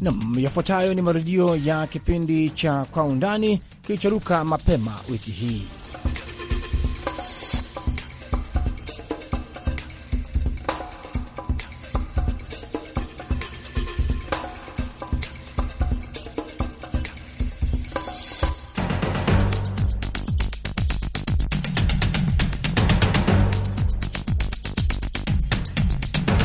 Nam, yafuatayo ni marudio ya kipindi cha Kwa Undani kilichoruka mapema wiki hii.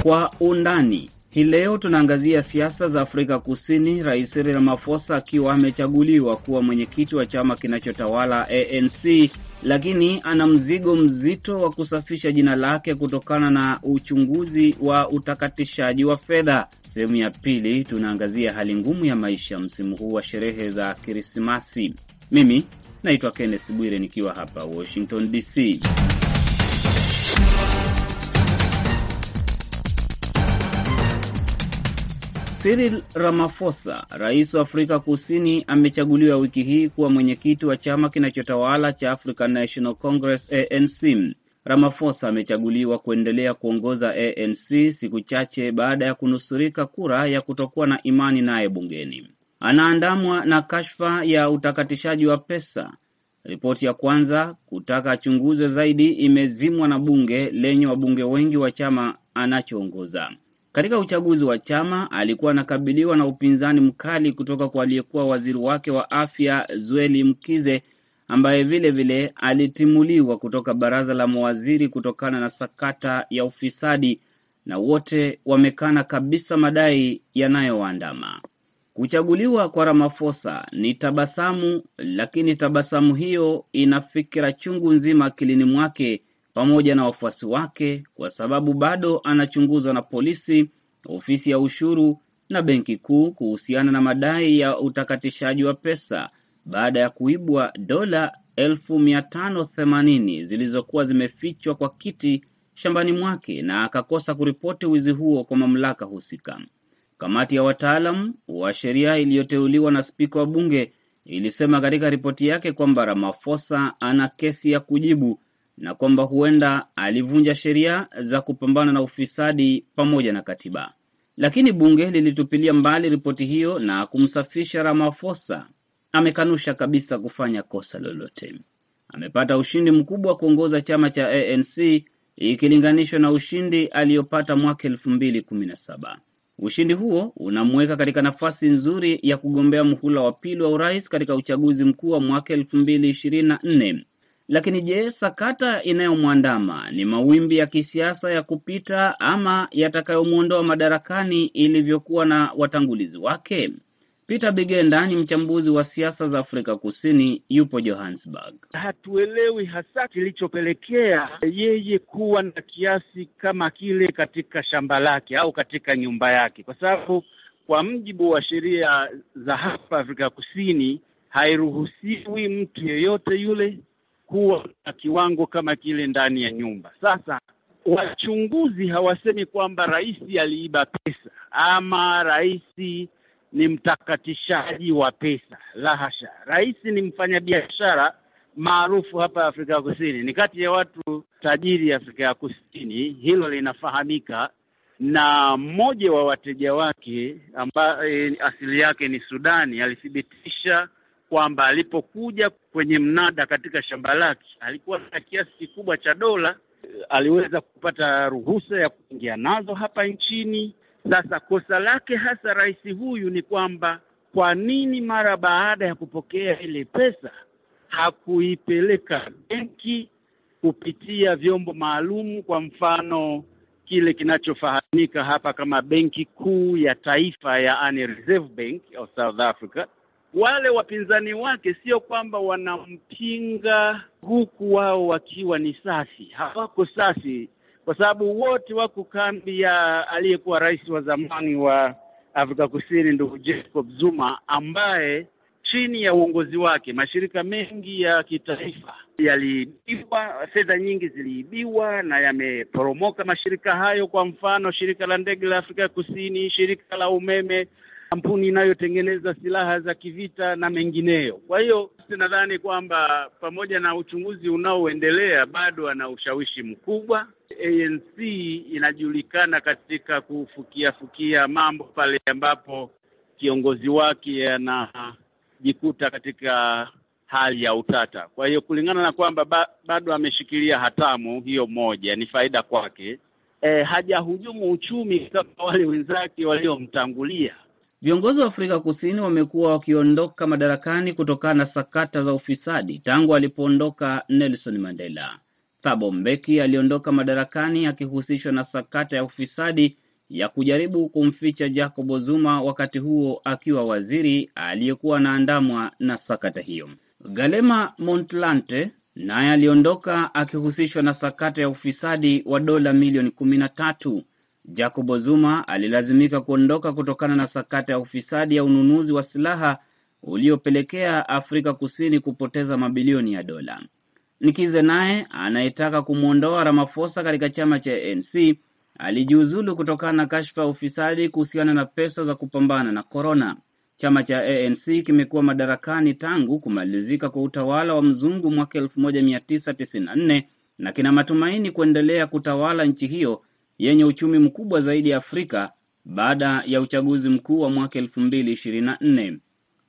Kwa Undani. Hii leo tunaangazia siasa za Afrika Kusini, Rais Cyril Ramaphosa akiwa amechaguliwa kuwa mwenyekiti wa chama kinachotawala ANC, lakini ana mzigo mzito wa kusafisha jina lake kutokana na uchunguzi wa utakatishaji wa fedha. Sehemu ya pili tunaangazia hali ngumu ya maisha msimu huu wa sherehe za Krismasi. Mimi naitwa Kenneth Bwire nikiwa hapa Washington DC. Cyril Ramaphosa, rais wa Afrika Kusini, amechaguliwa wiki hii kuwa mwenyekiti wa chama kinachotawala cha African National Congress, ANC. Ramaphosa amechaguliwa kuendelea kuongoza ANC siku chache baada ya kunusurika kura ya kutokuwa na imani naye bungeni. Anaandamwa na kashfa ya utakatishaji wa pesa. Ripoti ya kwanza kutaka achunguzwe zaidi imezimwa na bunge lenye wabunge wengi wa chama anachoongoza. Katika uchaguzi wa chama alikuwa anakabiliwa na upinzani mkali kutoka kwa aliyekuwa waziri wake wa afya Zweli Mkize ambaye vile vile alitimuliwa kutoka baraza la mawaziri kutokana na sakata ya ufisadi, na wote wamekana kabisa madai yanayoandama Kuchaguliwa kwa Ramaphosa ni tabasamu, lakini tabasamu hiyo ina fikira chungu nzima akilini mwake pamoja na wafuasi wake kwa sababu bado anachunguzwa na polisi, ofisi ya ushuru na benki kuu kuhusiana na madai ya utakatishaji wa pesa baada ya kuibwa dola elfu mia tano themanini zilizokuwa zimefichwa kwa kiti shambani mwake na akakosa kuripoti wizi huo kwa mamlaka husika. Kamati ya wataalam wa sheria iliyoteuliwa na spika wa bunge ilisema katika ripoti yake kwamba Ramaphosa ana kesi ya kujibu na kwamba huenda alivunja sheria za kupambana na ufisadi pamoja na katiba, lakini bunge lilitupilia mbali ripoti hiyo na kumsafisha Ramaphosa. Amekanusha kabisa kufanya kosa lolote. Amepata ushindi mkubwa wa kuongoza chama cha ANC ikilinganishwa na ushindi aliyopata mwaka elfu mbili kumi na saba. Ushindi huo unamweka katika nafasi nzuri ya kugombea mhula wa pili wa urais katika uchaguzi mkuu wa mwaka elfu mbili ishirini na nne lakini je, sakata inayomwandama ni mawimbi ya kisiasa ya kupita ama yatakayomwondoa madarakani ilivyokuwa na watangulizi wake? Peter Bigenda ni mchambuzi wa siasa za Afrika Kusini, yupo Johannesburg. Hatuelewi hasa kilichopelekea yeye kuwa na kiasi kama kile katika shamba lake au katika nyumba yake, kwa sababu kwa mujibu wa sheria za hapa Afrika Kusini hairuhusiwi mtu yeyote yule kuwa na kiwango kama kile ndani ya nyumba. Sasa wachunguzi hawasemi kwamba rais aliiba pesa ama rais ni mtakatishaji wa pesa, la hasha. Rais ni mfanyabiashara maarufu hapa Afrika ya Kusini, ni kati ya watu tajiri Afrika ya Kusini, hilo linafahamika. Na mmoja wa wateja wake ambaye asili yake ni Sudani alithibitisha kwamba alipokuja kwenye mnada katika shamba lake alikuwa na kiasi kikubwa cha dola, aliweza kupata ruhusa ya kuingia nazo hapa nchini. Sasa kosa lake hasa rais huyu ni kwamba kwa nini mara baada ya kupokea ile pesa hakuipeleka benki kupitia vyombo maalum, kwa mfano kile kinachofahamika hapa kama Benki Kuu ya Taifa, yaani Reserve Bank of South Africa wale wapinzani wake sio kwamba wanampinga huku wao wakiwa ni safi, hawako safi, kwa sababu wote wako kambi ya aliyekuwa rais wa zamani wa Afrika Kusini, ndugu Jacob Zuma, ambaye chini ya uongozi wake mashirika mengi ya kitaifa yaliibiwa, fedha nyingi ziliibiwa na yameporomoka mashirika hayo. Kwa mfano, shirika la ndege la Afrika Kusini, shirika la umeme kampuni inayotengeneza silaha za kivita na mengineyo. Kwa hiyo nadhani kwamba pamoja na uchunguzi unaoendelea, bado ana ushawishi mkubwa. ANC inajulikana katika kufukia fukia mambo pale ambapo kiongozi wake anajikuta katika hali ya utata. Kwa hiyo kulingana na kwamba ba, bado ameshikilia hatamu hiyo, moja ni faida kwake. E, hajahujumu uchumi kama wale wenzake waliomtangulia. Viongozi wa Afrika Kusini wamekuwa wakiondoka madarakani kutokana na sakata za ufisadi tangu alipoondoka Nelson Mandela. Thabo Mbeki aliondoka madarakani akihusishwa na sakata ya ufisadi ya kujaribu kumficha Jacob Zuma, wakati huo akiwa waziri aliyekuwa anaandamwa na sakata hiyo. Galema Montlante naye aliondoka akihusishwa na sakata ya ufisadi wa dola milioni kumi na tatu jacobo Zuma alilazimika kuondoka kutokana na sakata ya ufisadi ya ununuzi wa silaha uliopelekea Afrika Kusini kupoteza mabilioni ya dola. Nikize naye anayetaka kumwondoa Ramaphosa katika chama cha ANC alijiuzulu kutokana na kashfa ya ufisadi kuhusiana na pesa za kupambana na korona. Chama cha ANC kimekuwa madarakani tangu kumalizika kwa utawala wa mzungu mwaka 1994 na kina matumaini kuendelea kutawala nchi hiyo yenye uchumi mkubwa zaidi ya Afrika baada ya uchaguzi mkuu wa mwaka elfu mbili ishirini na nne.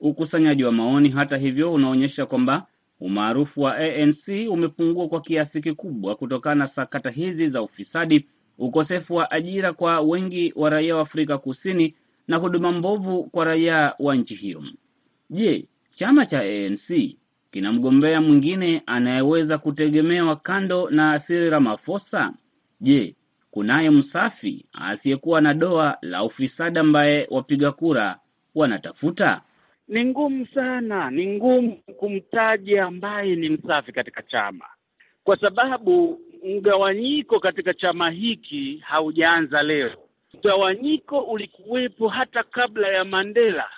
Ukusanyaji wa maoni hata hivyo unaonyesha kwamba umaarufu wa ANC umepungua kwa kiasi kikubwa kutokana na sakata hizi za ufisadi, ukosefu wa ajira kwa wengi wa raia wa Afrika Kusini na huduma mbovu kwa raia wa nchi hiyo. Je, chama cha ANC kina mgombea mwingine anayeweza kutegemewa kando na Cyril Ramaphosa? Je, kunaye msafi asiyekuwa na doa la ufisadi ambaye wapiga kura wanatafuta? Ni ngumu sana, ni ngumu kumtaja ambaye ni msafi katika chama, kwa sababu mgawanyiko katika chama hiki haujaanza leo. Mgawanyiko ulikuwepo hata kabla ya Mandela.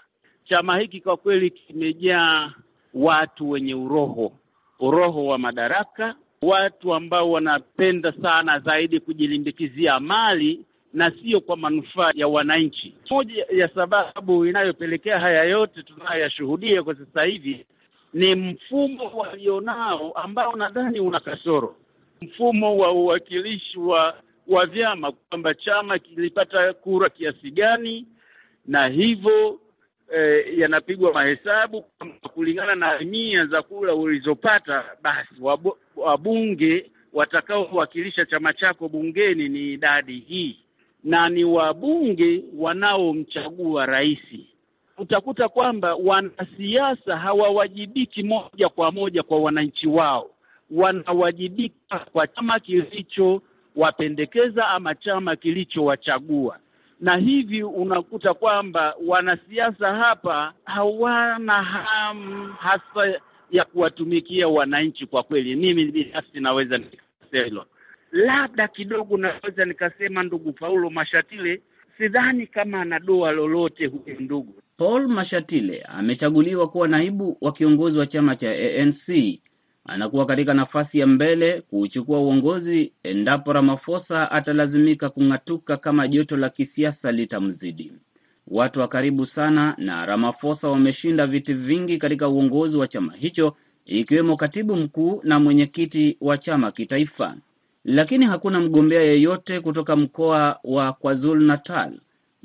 Chama hiki kwa kweli kimejaa watu wenye uroho, uroho wa madaraka, watu ambao wanapenda sana zaidi kujilimbikizia mali na sio kwa manufaa ya wananchi. Moja ya sababu inayopelekea haya yote tunayoyashuhudia kwa sasa hivi ni mfumo walionao ambao nadhani una kasoro, mfumo wa uwakilishi wa wa vyama, kwamba chama kilipata kura kiasi gani, na hivyo e, yanapigwa mahesabu kulingana na mia za kura ulizopata, basi wabo, wabunge watakaowakilisha chama chako bungeni ni idadi hii, na ni wabunge wanaomchagua rais. Utakuta kwamba wanasiasa hawawajibiki moja kwa moja kwa wananchi wao, wanawajibika kwa chama kilichowapendekeza ama chama kilichowachagua na hivi unakuta kwamba wanasiasa hapa hawana hamu hasa ya kuwatumikia wananchi. Kwa kweli, mimi binafsi naweza nikasema hilo. Labda kidogo naweza nikasema ndugu Paulo Mashatile, sidhani kama ana doa lolote huyu ndugu Paul Mashatile. Amechaguliwa kuwa naibu wa kiongozi wa chama cha ANC, anakuwa katika nafasi ya mbele kuuchukua uongozi endapo Ramaphosa atalazimika kung'atuka kama joto la kisiasa litamzidi watu wa karibu sana na Ramaphosa wameshinda viti vingi katika uongozi wa chama hicho, ikiwemo katibu mkuu na mwenyekiti wa chama kitaifa, lakini hakuna mgombea yeyote kutoka mkoa wa KwaZulu Natal,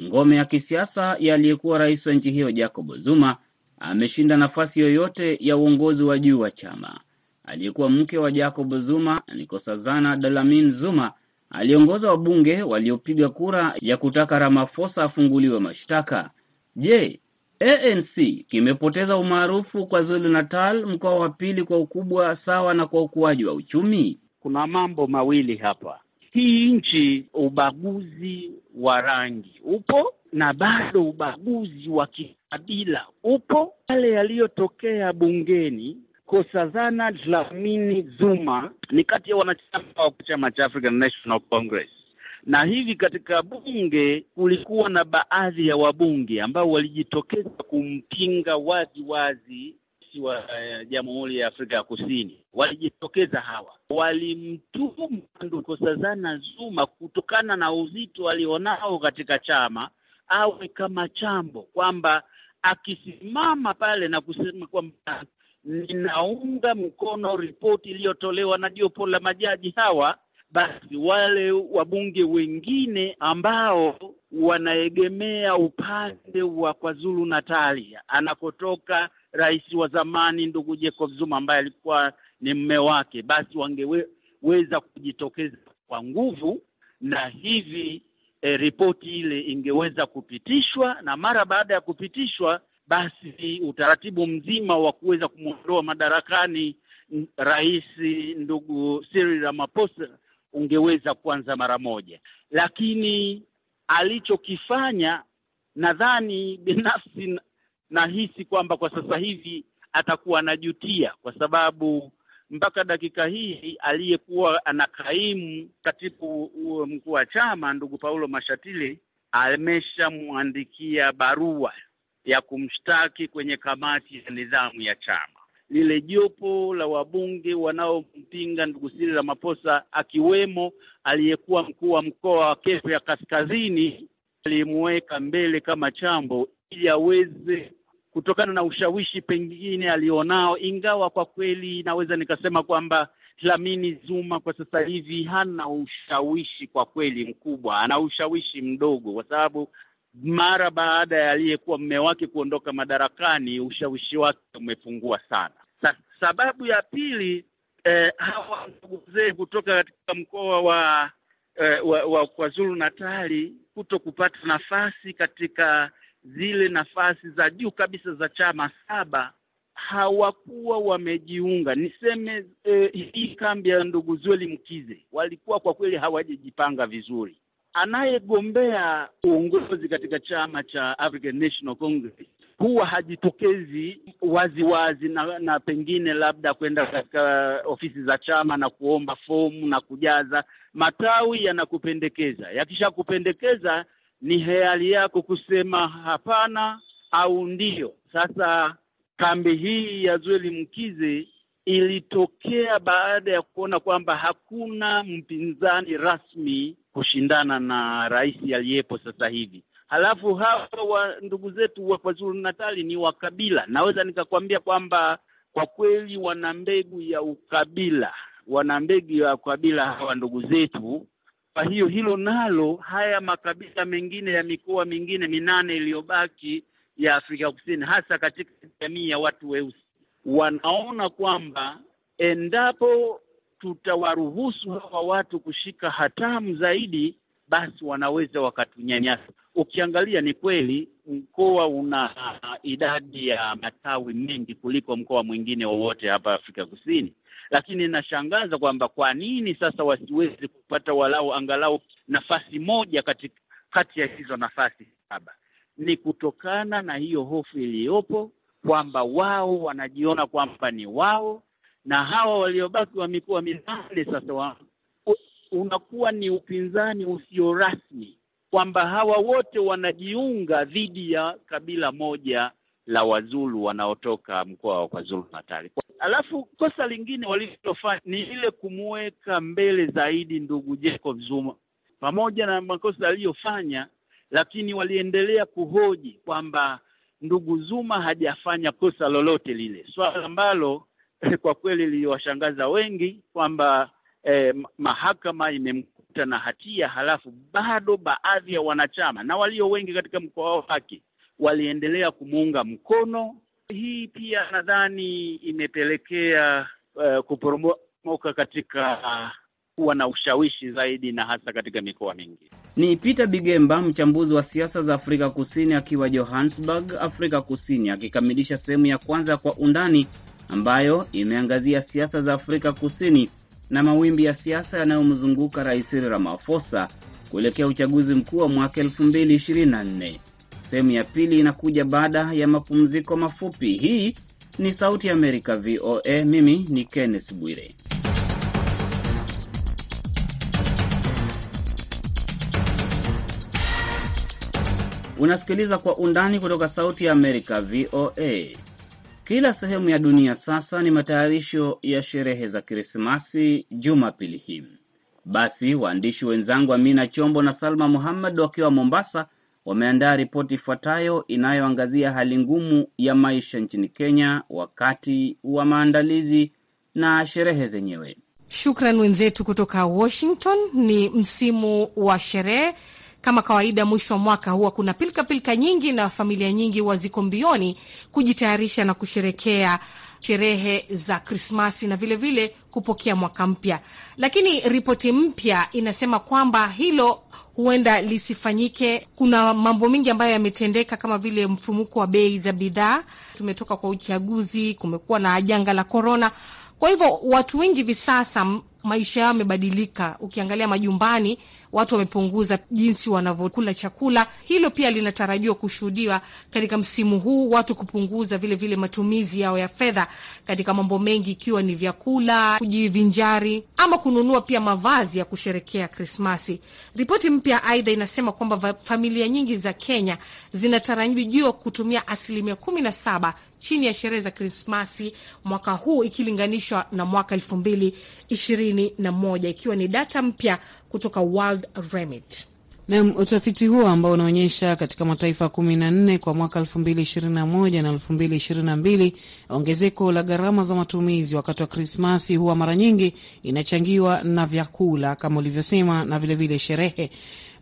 ngome ya kisiasa ya aliyekuwa rais wa nchi hiyo Jacob Zuma, ameshinda nafasi yoyote ya uongozi wa juu wa chama. Aliyekuwa mke wa Jacob Zuma, Nkosazana Dlamini Zuma, aliongoza wabunge waliopiga kura ya kutaka Ramaphosa afunguliwe mashtaka. Je, ANC kimepoteza umaarufu kwa Zulu Natal, mkoa wa pili kwa ukubwa sawa na kwa ukuaji wa uchumi? Kuna mambo mawili hapa. Hii nchi ubaguzi wa rangi upo na bado ubaguzi wa kikabila upo. Yale yaliyotokea bungeni Nkosazana Dlamini Zuma ni kati ya wanachama wa chama cha African National Congress, na hivi katika bunge kulikuwa na baadhi ya wabunge ambao walijitokeza kumpinga wazi wazi wa eh, Jamhuri ya Afrika ya Kusini walijitokeza. Hawa walimtuma Nkosazana Zuma kutokana na uzito alionao katika chama, awe kama chambo, kwamba akisimama pale na kusema kwamba ninaunga mkono ripoti iliyotolewa na jopo la majaji hawa, basi wale wabunge wengine ambao wanaegemea upande wa KwaZulu Natalia anakotoka rais wa zamani ndugu Jacob Zuma ambaye alikuwa ni mme wake, basi wangeweza kujitokeza kwa nguvu na hivi e, ripoti ile ingeweza kupitishwa, na mara baada ya kupitishwa basi utaratibu mzima wa kuweza kumwondoa madarakani rais ndugu Cyril Ramaphosa ungeweza kuanza mara moja, lakini alichokifanya nadhani binafsi nahisi kwamba kwa sasa hivi atakuwa anajutia, kwa sababu mpaka dakika hii aliyekuwa anakaimu katibu mkuu wa chama ndugu Paulo Mashatile ameshamwandikia barua ya kumshtaki kwenye kamati ya nidhamu ya chama. Lile jopo la wabunge wanaompinga ndugu Siri la Maposa, akiwemo aliyekuwa mkuu wa mkoa wa Kivu ya Kaskazini, alimuweka mbele kama chambo ili aweze kutokana na ushawishi pengine alionao, ingawa kwa kweli naweza nikasema kwamba lamini Zuma kwa sasa hivi hana ushawishi kwa kweli mkubwa, ana ushawishi mdogo, kwa sababu mara baada ya aliyekuwa mme wake kuondoka madarakani, ushawishi wake umepungua sana. Sa, sababu ya pili, eh, hawa ndugu zee kutoka katika mkoa wa eh, wa, wa KwaZulu Natali kuto kupata nafasi katika zile nafasi za juu kabisa za chama saba hawakuwa wamejiunga. Niseme eh, hii kambi ya ndugu Zweli Mkize walikuwa kwa kweli hawajajipanga vizuri anayegombea uongozi katika chama cha African National Congress huwa hajitokezi waziwazi wazi na, na pengine labda kwenda katika ofisi za chama na kuomba fomu na kujaza. Matawi yanakupendekeza, yakishakupendekeza ni heali yako kusema hapana au ndio. Sasa kambi hii ya Zweli Mkize ilitokea baada ya kuona kwamba hakuna mpinzani rasmi kushindana na rais aliyepo sasa hivi. Halafu hawa wa ndugu zetu wa KwaZulu Natali ni wakabila, naweza nikakwambia kwamba kwa kweli wana mbegu ya ukabila, wana mbegu ya ukabila hawa ndugu zetu. Kwa hiyo hilo nalo, haya makabila mengine ya mikoa mingine minane iliyobaki ya Afrika Kusini, hasa katika jamii ya watu weusi wanaona kwamba endapo tutawaruhusu hawa watu kushika hatamu zaidi, basi wanaweza wakatunyanyasa. Ukiangalia ni kweli mkoa una idadi ya matawi mengi kuliko mkoa mwingine wowote hapa Afrika Kusini, lakini inashangaza kwamba kwa nini sasa wasiwezi kupata walau angalau nafasi moja kati, kati ya hizo nafasi saba. Ni kutokana na hiyo hofu iliyopo kwamba wao wanajiona kwamba ni wao, na hawa waliobaki wa mikoa minane sasa wa, unakuwa ni upinzani usio rasmi kwamba hawa wote wanajiunga dhidi ya kabila moja la Wazulu wanaotoka mkoa wa KwaZulu Natal. Alafu kosa lingine walilofanya ni ile kumuweka mbele zaidi ndugu Jacob Zuma, pamoja na makosa aliyofanya, lakini waliendelea kuhoji kwamba ndugu Zuma hajafanya kosa lolote lile, swala ambalo eh, kwa kweli liliwashangaza wengi kwamba eh, mahakama imemkuta na hatia, halafu bado baadhi ya wanachama na walio wengi katika mkoa wake waliendelea kumuunga mkono. Hii pia nadhani imepelekea eh, kuporomoka katika kuwa na ushawishi zaidi na hasa katika mikoa mingi. Ni Peter Bigemba, mchambuzi wa siasa za Afrika Kusini akiwa Johannesburg, Afrika Kusini, akikamilisha sehemu ya kwanza kwa undani ambayo imeangazia siasa za Afrika Kusini na mawimbi ya siasa yanayomzunguka Rais Cyril Ramaphosa kuelekea uchaguzi mkuu wa mwaka 224 Sehemu ya pili inakuja baada ya mapumziko mafupi. Hii ni Sauti ya Amerika, VOA. Mimi ni Kenneth Bwire. Unasikiliza Kwa Undani kutoka Sauti ya Amerika, VOA. Kila sehemu ya dunia sasa ni matayarisho ya sherehe za Krismasi jumapili hii. Basi waandishi wenzangu Amina Chombo na Salma Muhammad wakiwa Mombasa wameandaa ripoti ifuatayo inayoangazia hali ngumu ya maisha nchini Kenya wakati wa maandalizi na sherehe zenyewe. Shukran wenzetu kutoka Washington. Ni msimu wa sherehe kama kawaida, mwisho wa mwaka huwa kuna pilika pilika nyingi na familia nyingi huwa ziko mbioni kujitayarisha na kusherekea sherehe za Krismasi na vilevile vile kupokea mwaka mpya, lakini ripoti mpya inasema kwamba hilo huenda lisifanyike. Kuna mambo mengi ambayo yametendeka kama vile mfumuko wa bei za bidhaa, tumetoka kwa uchaguzi, kumekuwa na janga la korona. Kwa hivyo watu wengi hivi sasa maisha yao yamebadilika, ukiangalia majumbani watu wamepunguza jinsi wanavyokula chakula. Hilo pia linatarajiwa kushuhudiwa katika msimu huu, watu kupunguza vilevile vile matumizi yao ya fedha katika mambo mengi, ikiwa ni vyakula, kujivinjari ama kununua pia mavazi ya kusherekea Krismasi. Ripoti mpya aidha inasema kwamba familia nyingi za Kenya zinatarajiwa kutumia asilimia kumi na saba chini ya sherehe za Krismasi mwaka huu ikilinganishwa na mwaka elfu mbili ishirini na moja ikiwa ni data mpya kutoka World Remit. Nam, utafiti huo ambao unaonyesha katika mataifa nne kwa mwaka ishirini na mbili ongezeko la gharama za matumizi wakati wa Krismasi huwa mara nyingi inachangiwa na vyakula kama ulivyosema, na vilevile vile sherehe.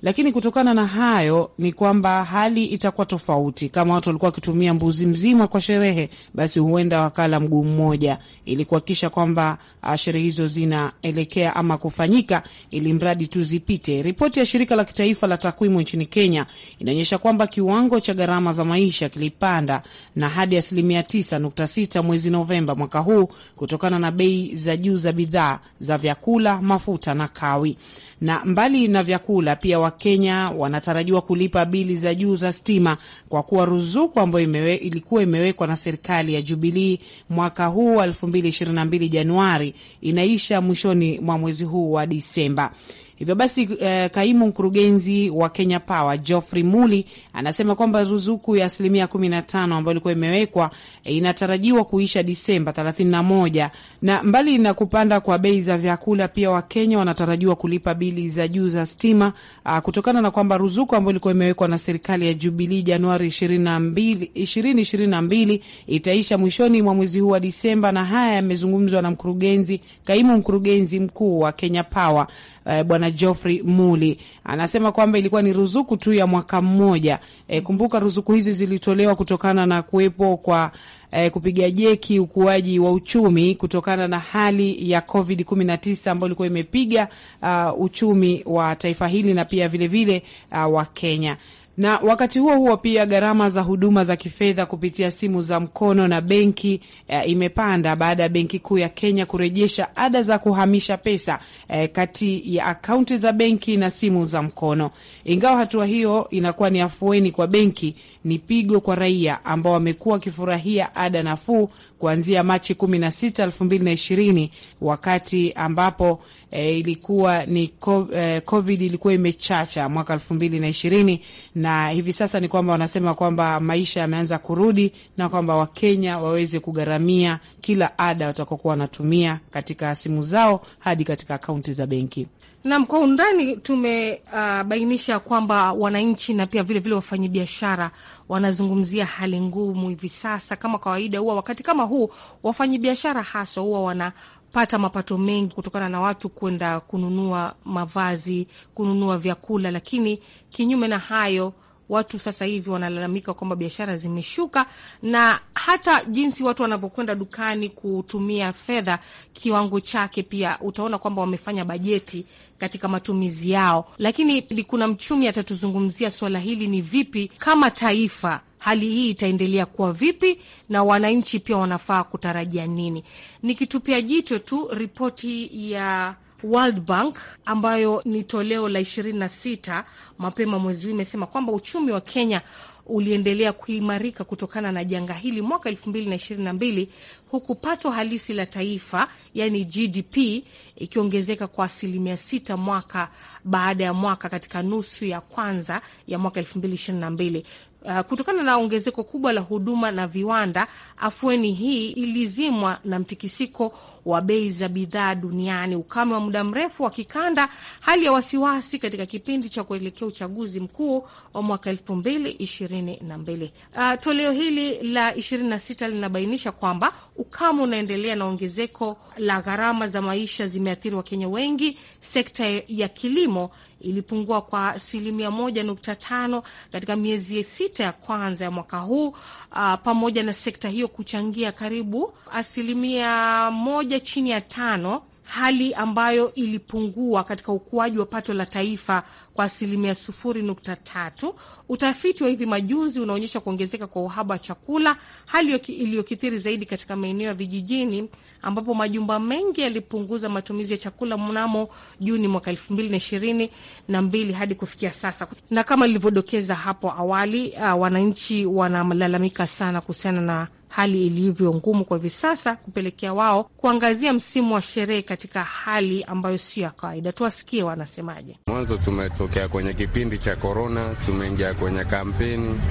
Lakini kutokana na hayo ni kwamba hali itakuwa tofauti. Kama watu walikuwa wakitumia mbuzi mzima kwa sherehe, basi huenda wakala mguu mmoja, ili kuhakikisha kwamba ah, sherehe hizo zinaelekea ama kufanyika, ili mradi tu zipite. Ripoti ya shirika la kitaifa la takwimu nchini Kenya inaonyesha kwamba kiwango cha gharama za maisha kilipanda na hadi asilimia 9.6 mwezi Novemba mwaka huu kutokana na bei za juu za bidhaa za vyakula, mafuta na kawi. Na mbali na vyakula pia Wakenya wanatarajiwa kulipa bili za juu za stima kwa kuwa ruzuku ambayo imewe, ilikuwa imewekwa na serikali ya Jubilii mwaka huu 2022 Januari inaisha mwishoni mwa mwezi huu wa Disemba. Hivyo basi eh, kaimu mkurugenzi wa Kenya Power Geoffrey Muli anasema kwamba ruzuku ya asilimia 15 ambayo ilikuwa imewekwa eh, inatarajiwa kuisha Disemba 31, na mbali na kupanda kwa bei za vyakula, pia Wakenya wanatarajiwa kulipa bili za juu za stima ah, kutokana na kwamba ruzuku ambayo ilikuwa imewekwa na serikali ya Jubilee Januari 22, 2022 itaisha mwishoni mwa mwezi huu wa Disemba, na haya yamezungumzwa na mkurugenzi, kaimu mkurugenzi mkuu wa Kenya Power eh, bwana Geoffrey Muli anasema kwamba ilikuwa ni ruzuku tu ya mwaka mmoja. Eh, kumbuka ruzuku hizi zilitolewa kutokana na kuwepo kwa eh, kupiga jeki ukuaji wa uchumi kutokana na hali ya Covid 19 ambayo ilikuwa imepiga uh, uchumi wa taifa hili na pia vilevile vile, uh, wa Kenya na wakati huo huo pia gharama za huduma za kifedha kupitia simu za mkono na benki e, imepanda baada ya Benki Kuu ya Kenya kurejesha ada za kuhamisha pesa e, kati ya akaunti za benki na simu za mkono. Ingawa hatua hiyo inakuwa ni afueni kwa benki, ni pigo kwa raia ambao wamekuwa wakifurahia ada nafuu kuanzia Machi 16, 2020 wakati ambapo e, ilikuwa ni eh, COVID ilikuwa imechacha mwaka 2020, na hivi sasa ni kwamba wanasema kwamba maisha yameanza kurudi na kwamba Wakenya waweze kugharamia kila ada watakokuwa wanatumia katika simu zao hadi katika akaunti za benki. Nam, kwa undani tumebainisha uh, kwamba wananchi na pia vilevile wafanyabiashara wanazungumzia hali ngumu hivi sasa. Kama kawaida, huwa wakati kama huu wafanyabiashara haswa huwa wana pata mapato mengi kutokana na watu kwenda kununua mavazi, kununua vyakula, lakini kinyume na hayo watu sasa hivi wanalalamika kwamba biashara zimeshuka, na hata jinsi watu wanavyokwenda dukani kutumia fedha, kiwango chake pia utaona kwamba wamefanya bajeti katika matumizi yao. Lakini kuna mchumi atatuzungumzia swala hili ni vipi kama taifa hali hii itaendelea kuwa vipi na wananchi pia wanafaa kutarajia nini? Nikitupia jicho tu ripoti ya World Bank ambayo ni toleo la 26 mapema mwezi huu imesema kwamba uchumi wa Kenya uliendelea kuimarika kutokana na janga hili mwaka 2022 huku pato halisi la taifa yani GDP ikiongezeka kwa asilimia sita mwaka baada ya mwaka katika nusu ya kwanza ya mwaka 2022. Uh, kutokana na ongezeko kubwa la huduma na viwanda, afueni hii ilizimwa na mtikisiko wa bei za bidhaa duniani, ukame wa muda mrefu wa kikanda, hali ya wasiwasi katika kipindi cha kuelekea uchaguzi mkuu wa mwaka 2022. Uh, toleo hili la 26 linabainisha kwamba ukame unaendelea na ongezeko la gharama za maisha zimeathiri Wakenya wengi. Sekta ya kilimo ilipungua kwa asilimia moja nukta tano katika miezi sita ya kwanza ya mwaka huu. Uh, pamoja na sekta hiyo kuchangia karibu asilimia moja chini ya tano hali ambayo ilipungua katika ukuaji wa pato la taifa kwa asilimia sufuri nukta tatu. Utafiti wa hivi majuzi unaonyesha kuongezeka kwa uhaba wa chakula, hali iliyokithiri zaidi katika maeneo ya vijijini ambapo majumba mengi yalipunguza matumizi ya chakula mnamo Juni mwaka elfu mbili na ishirini na mbili hadi kufikia sasa. Na kama ilivyodokeza hapo awali, uh, wananchi wanalalamika sana kuhusiana na hali ilivyo ngumu kwa hivi sasa kupelekea wao kuangazia msimu wa sherehe katika hali ambayo sio ya kawaida. Tuwasikie wanasemaje. Mwanzo tumetokea kwenye kipindi cha korona, tumeingia kwenye kampeni,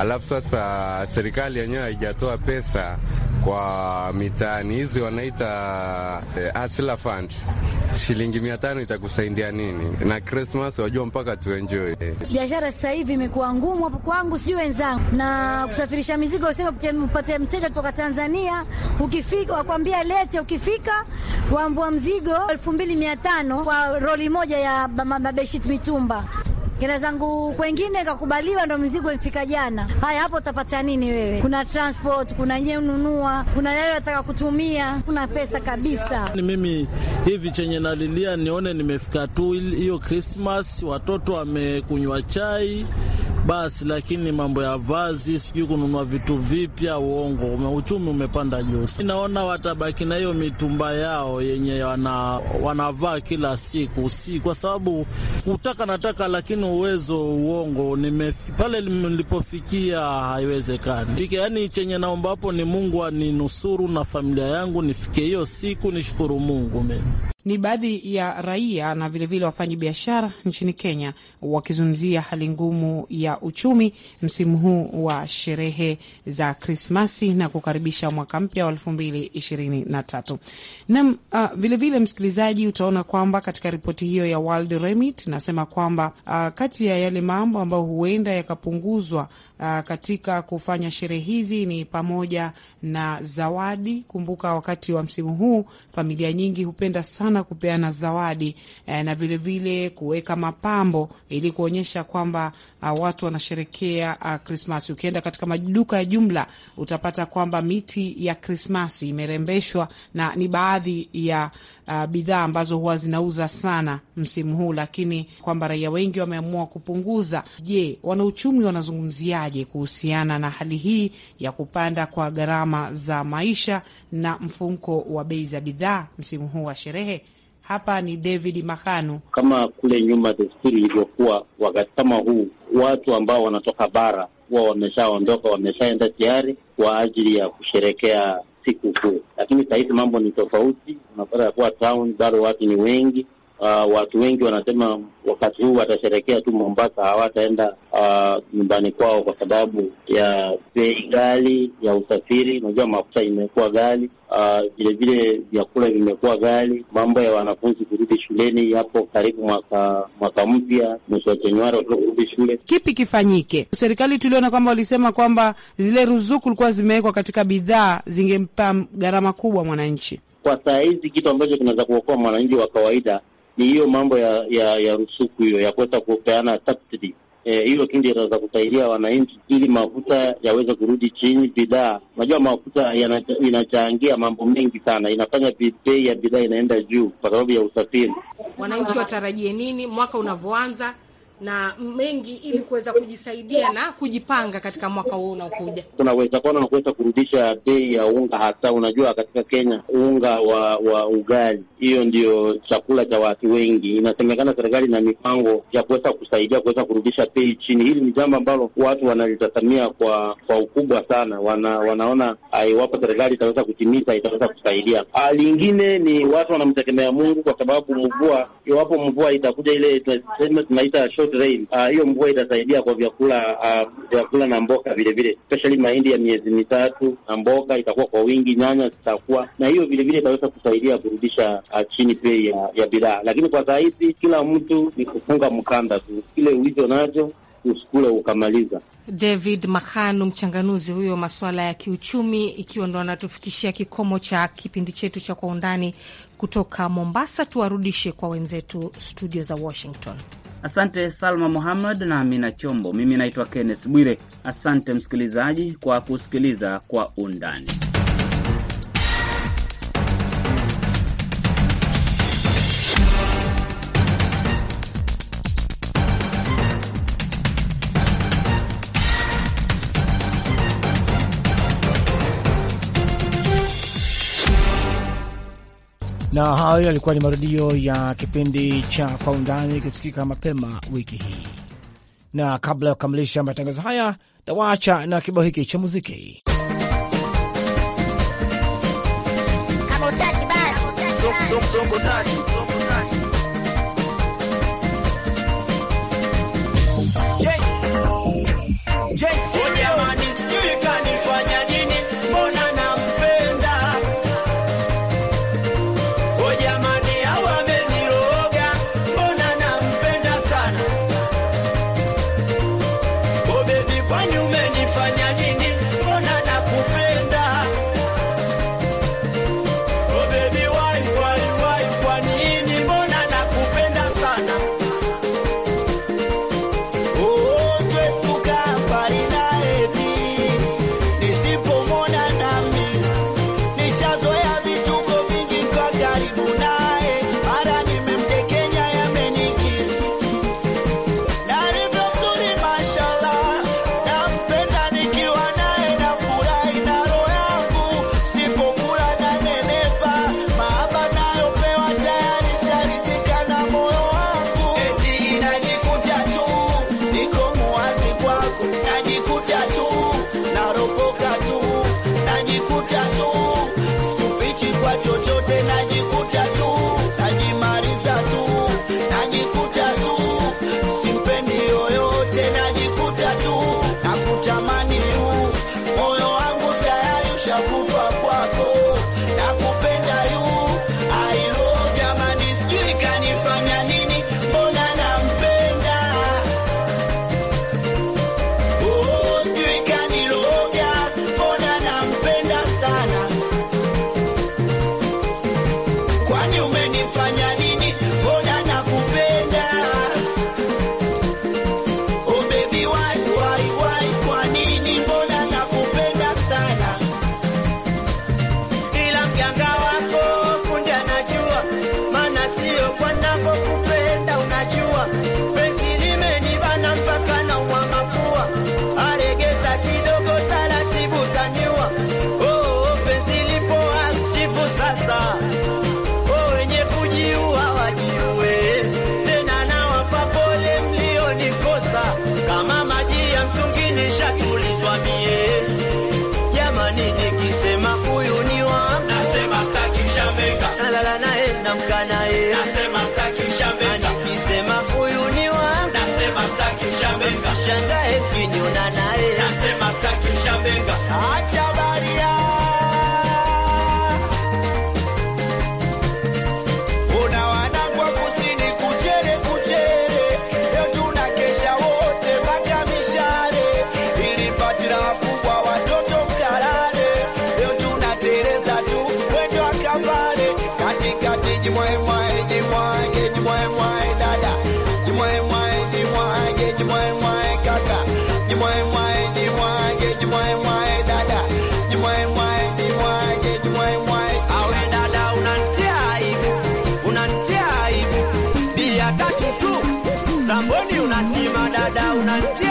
alafu sasa serikali yenyewe haijatoa pesa kwa mitaani hizi wanaita eh, asila fund. Shilingi mia tano itakusaidia nini? Na Krismas wajua mpaka tuenjoy. Biashara sasa hivi imekuwa ngumu hapo kwangu, sijui wenzangu, na kusafirisha mizigo, sema upate mteja kutoka Tanzania, ukifika wakwambia lete, ukifika wambua mzigo elfu mbili mia tano kwa roli moja ya mabeshit mitumba Hela zangu kwengine kakubaliwa ndo mzigo mfika jana. Haya, hapo utapata nini wewe? Kuna transport, kuna nyewe ununua, kuna yale nataka kutumia, kuna pesa kabisa. Ni mimi hivi chenye nalilia nione nimefika tu hiyo Christmas, watoto wamekunywa chai basi, lakini mambo ya vazi sijui kununua vitu vipya, uongo. Uchumi umepanda juu, inaona watabaki na hiyo mitumba yao yenye wana, wanavaa kila siku, si kwa sababu utaka nataka, lakini uwezo uongo. Nime, pale nilipofikia haiwezekani. Yani chenye naomba hapo ni Mungu aninusuru na familia yangu, nifike hiyo siku, nishukuru Mungu mimi. Ni baadhi ya raia na vilevile wafanyi biashara nchini Kenya wakizungumzia hali ngumu ya uchumi msimu huu wa sherehe za Krismasi na kukaribisha mwaka mpya wa elfu mbili ishirini na tatu. Nam uh, vilevile msikilizaji, utaona kwamba katika ripoti hiyo ya World Remit nasema kwamba uh, kati ya yale mambo ambayo huenda yakapunguzwa Uh, katika kufanya sherehe hizi ni pamoja na zawadi. Kumbuka wakati wa msimu huu familia nyingi hupenda sana kupeana zawadi uh, na vilevile kuweka mapambo ili kuonyesha kwamba uh, watu wanasherekea uh, ah, Krismasi. Ukienda katika maduka ya jumla utapata kwamba miti ya Krismasi imerembeshwa na ni baadhi ya uh, bidhaa ambazo huwa zinauza sana msimu huu, lakini kwamba raia wengi wameamua kupunguza. Je, wanauchumi wanazungumziaje aje kuhusiana na hali hii ya kupanda kwa gharama za maisha na mfumko wa bei za bidhaa msimu huu wa sherehe. Hapa ni David Makanu. Kama kule nyuma desturi ilivyokuwa, wakati kama huu, watu ambao wanatoka bara huwa wameshaondoka, wameshaenda tayari kwa ajili ya kusherekea sikukuu, lakini sahizi mambo ni tofauti. Unapata kuwa town bado watu ni wengi Uh, watu wengi wanasema wakati huu watasherekea tu Mombasa, hawataenda ah, nyumbani uh, kwao kwa sababu ya bei ghali ya usafiri. Unajua mafuta imekuwa ghali, vilevile ah, uh, vyakula vimekuwa ghali, mambo ya wanafunzi kurudi shuleni. Hapo karibu mwaka mwaka mpya, mwezi wa Januari watoto kurudi shule. Kipi kifanyike? Serikali tuliona kwamba walisema kwamba zile ruzuku ulikuwa zimewekwa katika bidhaa zingempa gharama kubwa mwananchi. Kwa saa hizi kitu ambacho kinaweza kuokoa mwananchi wa kawaida ni hiyo mambo ya ya, ya rusuku hiyo ya kuweza kupeana subsidy e, hiyo eh, kindi itaweza kusaidia wananchi ili mafuta yaweze kurudi chini. Bidhaa, unajua mafuta inachangia mambo mengi sana, inafanya bei ya bidhaa inaenda juu kwa sababu ya usafiri. Wananchi watarajie nini mwaka unavyoanza? na mengi ili kuweza kujisaidia na kujipanga katika mwaka huu unaokuja. Tunaweza kuona na kuweza kurudisha bei ya unga, hasa unajua, katika Kenya unga wa wa ugali, hiyo ndio chakula cha watu wengi. Inasemekana serikali ina mipango ya kuweza kusaidia kuweza kurudisha bei chini. Hili ni jambo ambalo watu wanalitazamia kwa kwa ukubwa sana, wana, wanaona ah, iwapo serikali itaweza kutimiza itaweza kusaidia. Ah, lingine ni watu wanamtegemea Mungu kwa sababu mvua, iwapo mvua itakuja ile tunaita drought rain ah, hiyo, uh, mvua itasaidia kwa vyakula uh, vyakula na mboga vile vile, especially mahindi ya miezi mitatu na mboga itakuwa kwa wingi, nyanya zitakuwa na hiyo vile vile itaweza kusaidia kurudisha uh, chini bei ya, ya bidhaa. Lakini kwa saa hizi kila mtu ni kufunga mkanda tu, kile ulicho nacho usikule ukamaliza. David Mahanu, mchanganuzi huyo masuala ya kiuchumi, ikiwa ndo anatufikishia kikomo cha kipindi chetu cha Kwa Undani kutoka Mombasa. Tuwarudishe kwa wenzetu studio za Washington. Asante Salma Muhammad na Amina Chombo. Mimi naitwa Kenneth Bwire. Asante msikilizaji kwa kusikiliza Kwa Undani. na hayo yalikuwa ni marudio ya kipindi cha Kwa Undani kisikika mapema wiki hii, na kabla ya kukamilisha matangazo haya, nawaacha na kibao hiki cha muziki. Kama utaki basi I tell Samboni unasima dada unanti